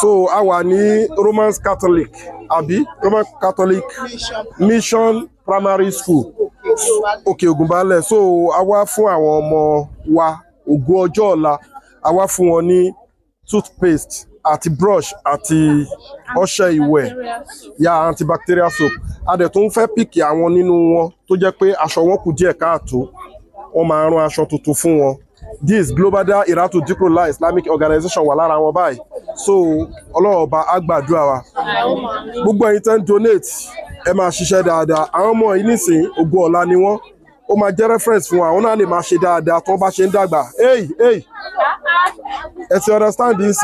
so a wà ní Roman Catholic àbí Roman Catholic Mission Primary School òkè Ògùnbálẹ̀ so a wá fún àwọn ọmọ wa ògùn ọjọ́ ọ̀la a wá fún wọn ní toothpaste àti brush àti ọṣẹ ìwẹ̀ ya antibacterial soap a dẹ̀ tún fẹ́ pìkì àwọn nínú wọn tó jẹ́ pé aṣọ wọn kù díẹ̀ káàtó wọ́n máa rán aṣọ tuntun fún wọn this Global Dahiratu Dhikrlahi Islamic Organization wà lára wọn báyìí so ọlọ́run ọba á gbàdúrà wa gbogbo ẹ̀yin tẹ́ ń donate ẹ máa ṣiṣẹ́ dáadáa àwọn ọmọ yìí nísìnyí ògùn ọ̀la ni wọ́n ó máa jẹ́ reference fún wa àwọn náà lè máa ṣe dáadáa tó bá ṣe ń dàgbà hey hey ẹ ti understand yìí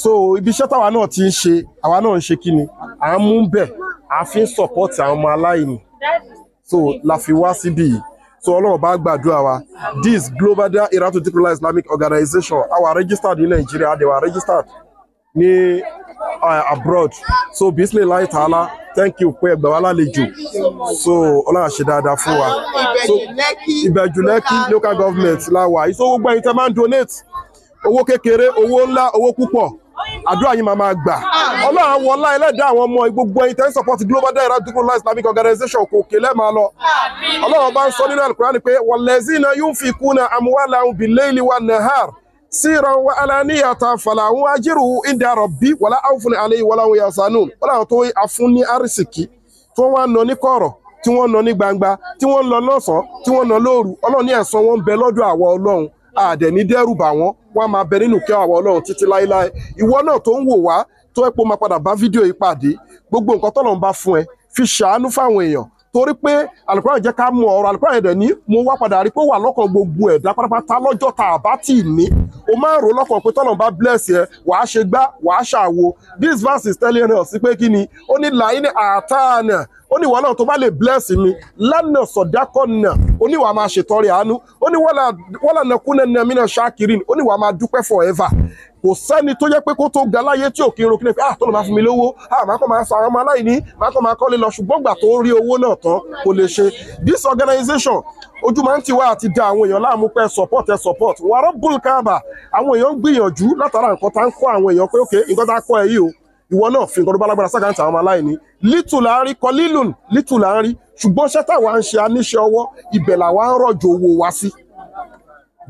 so ibi iṣẹ́ táwa náà ti ń ṣe àwa náà ń ṣe kí ni à ń mú bẹ̀ à fi ń support àwọn ọmọ aláìní so la fi wá síbí yìí so ọlọ́run bá gbàdúrà wa this Global Dahiratu Dhikrlahi Islamic Organization Our registered in Nigeria. They were registered ní uh, abroad so bisimilayi ta'ala thank you pé ẹgbẹ́ wa lálejò so ọlọ́run àṣẹ dáadáa fún wa so ìbẹ̀jù lẹ́kì local government la wà yìí so gbogbo ẹ̀yin tẹ́ máa ń donate owó kékeré owó ńlá owó púpọ̀ àdúrà yín máa máa gbà ọlọ́run àwọn ọlá ẹlẹ́dàá àwọn ọmọ gbogbo ẹ̀yin tẹ́ ń support global Dahiratu Islamic Organization kò kè lẹ́ẹ̀ máa lọ ọlọ́run bá ń sọ nínú Al-Qur'an pé wallazina yunfikuna amwalahum bil-layli wan-nahar síran wa alaniyata falahun ajiru inda rabbi wala awfun alayhi wala hun yasanun wala àwọn tó afún ní arísìkí tí wọ́n wá nọ ní kọ̀rọ̀ tí wọ́n nọ ní gbangba tí wọ́n lọ lọ́sàn tí wọ́n nọ lóru Ọlọ́run ní ẹ̀san wọn bẹ lọ́dọ̀ àwọ Ọlọ́run àdẹ ní dẹ́rù bà wọ́n wọ́n máa bẹ nínú kẹ àwọ Ọlọ́run títí láéláé ìwọ náà tó ń wò wá tó ẹ pé máa padà bá fídíò yìí pàdé gbogbo nǹkan tọ́lọ̀ ń bá fún ẹ fi ṣàánú fáwọn èèyàn torí pé alukóra jẹ́ ká mọ ọ̀rọ̀ alukóra yẹn dẹ̀ ní mo wá padà rí pé wà lọ́kàn gbogbo ẹ̀dá pátápátá lọ́jọ́ tá a bá tì ní o máa ń rò lọ́kàn pé tọ́nà bá bless yẹ wàá ṣe gbá wàá ṣàwo this verse is telling us pé kí ni ó ní làyí ní àtàánà ó ní ìwọ náà tó bá lè bless mi lánà sọ̀dákọ̀nà ó ní ìwà máa ṣètọrẹ àánú ó ní wọ́là nàkúnẹ̀ nàmínà ṣákìrín ó ní ìwà máa dúpẹ́ forever kò sẹ́ni tó jẹ́ pé kó tó ga láyé tí ò kí n ro kí ah, lọ máa fún mi lówó ah kọ́ máa sa àwọn ọmọ aláìní máa kọ́ máa kọ́lé lọ ṣùgbọ́n gbà tó rí owó náà tán kò lè ṣe this organization ojú máa ń tiwa àti da àwọn èèyàn láàmú pé support ẹ support wàrà bùlùkàbà àwọn èèyàn ń gbìyànjú látara nǹkan tá ń kọ́ àwọn èèyàn pé ok nǹkan tá kọ́ ẹ yìí o ìwọ náà fi nǹkan tó bá lágbára sákàǹtì àwọn ọmọ aláìní lítù là ń rí kọ lílùn lítù là ń rí ṣùgbọ́n ṣẹ́tà wa ń ṣe aníṣẹ́ ọwọ́ ibẹ̀ làwa ń rọ̀jò owó wa sí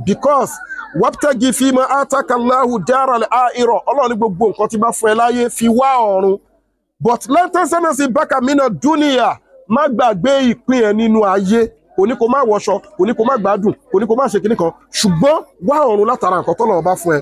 because wọ́pútẹ́gì fi mọ àtàkàláhù dára àìrọ̀ ọlọ́run ní gbogbo nǹkan tí bá fún ẹ láyé fi wá ọ̀run but lẹ́tẹ̀ sẹ́nẹ̀sì bákà mínà dúnìyà má gbàgbé ìpín ẹ nínú ayé kò ní kó má wọṣọ kò ní kó má gbádùn kò ní kó má ṣe kíní kan ṣùgbọ́n wá ọ̀run látara nǹkan tọ́lọ́run bá fún ẹ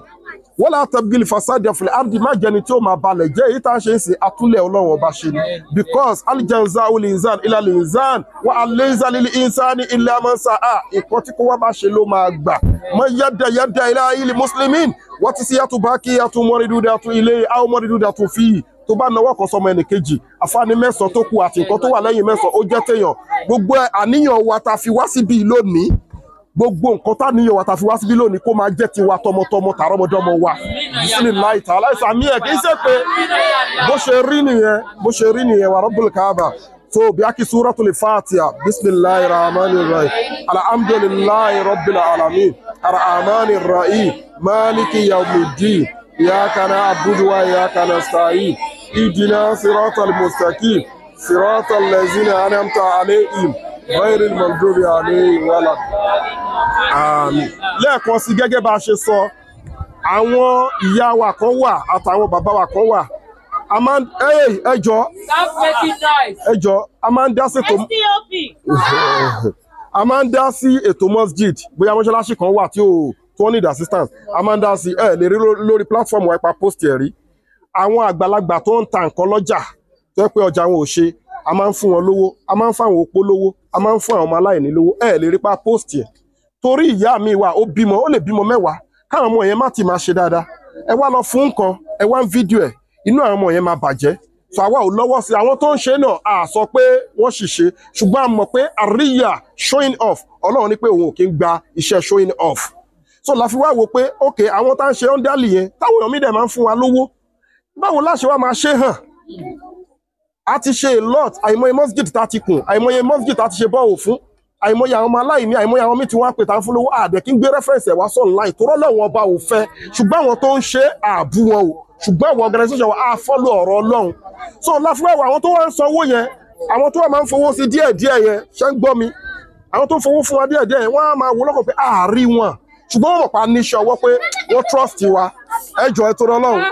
wọ́n láti tabgil fasadi ọ̀fìlẹ̀ abdi má jẹni tí ó máa balẹ̀ jẹ́ èyí tá a ṣe ń sìn àtúnlẹ̀ ọlọ́run ọba ṣe ni because alijanza olè inzan ìlàlẹ̀ inzan wà alẹ́nzalẹ̀ insani ilẹ̀ amansa a ìkan tí kò wá bá ṣe ló máa gbà mọ yàda yàda ilẹ̀ ayélujára muslimin wọ́n ti sí yàtú bá kí yàtú mọ́rìndúdà tún ilé àwọn mọ́rìndúdà tún fìyì tó bá nawọ́ kan sọmọ ẹnìkejì àfáàní mẹ́sàn-án tó kù àti nǹkan tó wà lẹ́yìn mẹ́sàn-án ó jẹ́ téèyàn gbogbo àníyàn wa ta fi wá síbi lónìí gbogbo nǹkan tá níyàn wa ta fi wá síbí lónìí kó máa jẹ́ tiwa tọmọtọmọ tààrọmọdọ́mọ wa bísílì láì tà aláìsàn àmì ẹ̀ kì í ṣe pé bó ṣe rí nìyẹn bó ṣe rí nìyẹn wàrà bùlùkàbà so bí a kì súratul fatiha bisimilahi rahman rahim alhamdulilahi rabbil alamin rahman rahim maliki yawmiddin iyaka na abudu wa iyaka na sa'i idina siratal mustaqim siratal lazina anamta alayhim. غير المغضوب عليه ولا آمين lẹ́ẹ̀kan sí gẹ́gẹ́ bá a ṣe àwọn ìyá wa kan wà àtàwọn bàbá wa kan wà a máa ń ẹjọ́ ẹjọ́ a máa ń dá sí ètò a máa ń dá sí ètò masjid bóyá mọ́ṣáláṣí kan wà tí ò tó ní assistance a máa ń dá sí ẹ lè rí lórí platform wa post ẹ̀ rí àwọn àgbàlagbà tó ń ta nǹkan lọ́jà tó yẹ pé ọjà wọn ò ṣe a máa ń fún wọn lówó a máa ń fún àwọn opó lówó a máa ń fún àwọn ọmọ aláìní lówó ẹ lè rí pa post yẹn torí ìyá mi wà ó bímọ ó lè bímọ mẹ́wàá káwọn ọmọ yẹn má ti máa ṣe dáadáa ẹ wá lọ fún nǹkan ẹ wá ń fídíò ẹ inú àwọn ọmọ yẹn máa bàjẹ́ so àwa ò lọ́wọ́ sí àwọn tó ń ṣe náà a sọ pé wọ́n sì ṣe ṣùgbọ́n a mọ̀ pé àríyá showing off ọlọ́run ní pé òun ò kí ń gba iṣẹ́ showing off so la fi wá wo pé ok àwọn tá ń ṣe ọ́ndálì yẹn táwọn èèyàn mi dẹ̀ máa ń fún wa lówó báwo láṣẹ wa máa ṣe hàn a ti ṣe lot àìmọye mosgid tá a ti kùn àìmọye mosgid tá a ti ṣe bọ́ọ̀ fún àìmọye àwọn ọmọ aláìní àìmọye àwọn míì tí wọ́n á pè tá a fún lówó àdẹ̀ kí n gbé rẹ́fẹ̀rẹ̀sì ẹ̀ wá sọ̀nláì tó rọ́lọ́wọ́n ọba ò fẹ́ ṣùgbọ́n àwọn tó ń ṣe àbú wọn o ṣùgbọ́n àwọn organisation wa á fọ́lù ọ̀rọ̀ ọlọ́run so láfúráwọ̀ àwọn tó wá ń sanwó yẹn àwọn tó wà máa ń fowó sí díẹ̀díẹ̀ yẹn ṣe ń gbọ́ mi àwọn tó fowó fún wa díẹ̀díẹ̀ yẹn wọ́n á máa wò lọ́kàn pé àárí wọn ṣùgbọ́n wọ́n pa níṣẹ́ ọwọ́ pé wọ́n trust wa ẹ jọ̀ọ́ ẹ tó rọ́lọ́run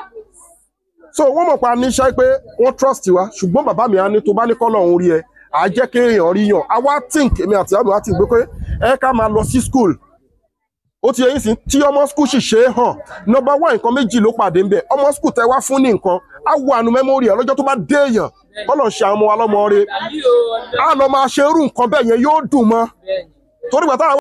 so wọ́n mọ̀ pa níṣẹ́ pé wọ́n trust wa ṣùgbọ́n bàbá mi á ní tó bá ní kọ́lọ̀ òun rí ẹ à á jẹ́ kéèyàn rí yàn á think èmi àti àmì wá ti gbé pé ẹ ká máa lọ sí school ó ti yẹyìn sí tí ọmọ school sì ṣe é hàn number one nǹkan méjì ló pàdé ńbẹ ọmọ school tẹ wá fún ní nǹkan á wo àánú mẹ́mórì ẹ lọ́jọ́ tó bá dé èèyàn kọ́lọ̀ ṣe àwọn ọmọ wa lọ́mọ rẹ á lọ máa ṣe irú nǹkan bẹ́ẹ̀ yẹn yóò dùn mọ́ torí pàtàkì